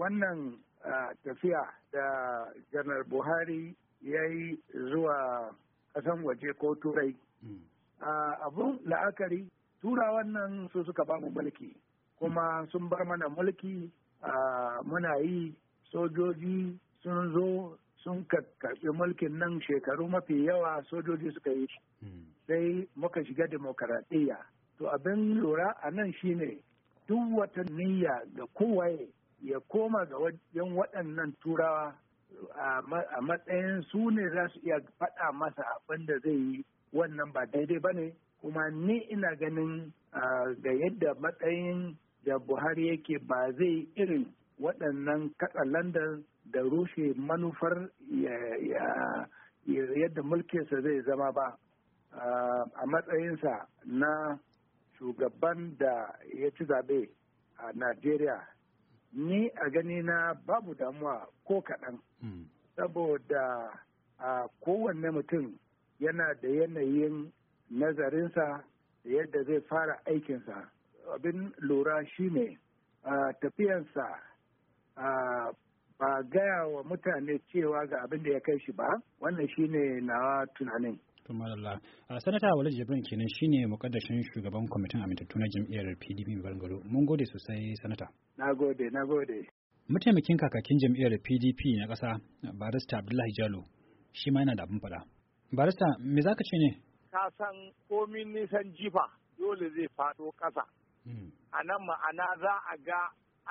wannan tafiya da janar buhari ya yi zuwa ƙasan waje ko turai hmm. abun la'akari tura wannan su suka ba mu mulki kuma sun bar mana mulki muna yi sojoji sun zo sun karɓi mulkin nan shekaru mafi yawa sojoji suka yi hmm. sai muka shiga demokaradiyya to abin lura a nan shine duk wata niyya ga kowaye ya koma ga wajen waɗannan turawa a matsayin su ne za su iya faɗa masa abin da zai yi wannan ba daidai ba ne kuma ni ina ganin ga yadda matsayin da buhari yake ba zai irin waɗannan katsalandan da rushe manufar yadda mulkinsa zai zama ba a matsayinsa na shugaban da ya ci zaɓe a najeriya ni a gani na babu damuwa ko kaɗan hmm. saboda a kowanne mutum yana da yanayin nazarinsa da yadda zai fara aikinsa abin lura shi shine tafiyansa ba gaya wa mutane cewa ga abin da ya kai shi ba wannan shi ne na tunanin to a ah, sanata walid jibrin kenan shine mukaddashin shugaban kwamitin amintattu na jam'iyyar pdp mai barangaro mun gode sosai sanata na gode na gode mataimakin kakakin jam'iyyar pdp na ƙasa barista abdullahi jalo shi ma yana da abin faɗa barista me zaka ce ne ka san komin nisan jifa dole zai faɗo ƙasa hmm. a nan ma'ana za a ga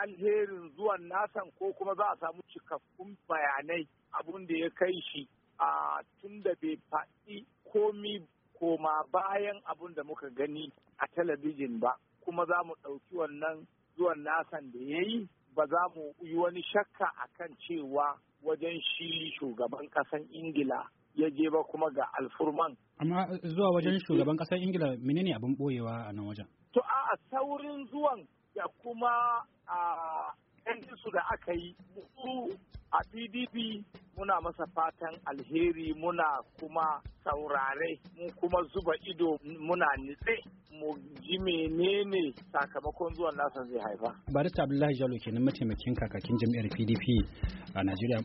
alherin zuwan nasan ko kuma za a samu cikakkun bayanai abun da ya kai shi a ah, tun da bai faɗi komi koma bayan abun da muka gani a talabijin ba kuma za mu ɗauki wannan zuwan nasan da ya yi ba za mu yi wani shakka a kan cewa wajen shi shugaban ƙasan ingila ya je ba kuma ga alfurman. Amma zuwa wajen shugaban ƙasan Ingila menene abin ɓoyewa a nan wajen? To a saurin zuwan da kuma a su da aka yi a pdp muna masa fatan alheri muna kuma saurare mu kuma zuba ido muna nitse mu ji menene sakamakon zuwan nasa zai haifa barista abdullahi jalo kenan mataimakin kakakin jam'iyyar pdp a najeriya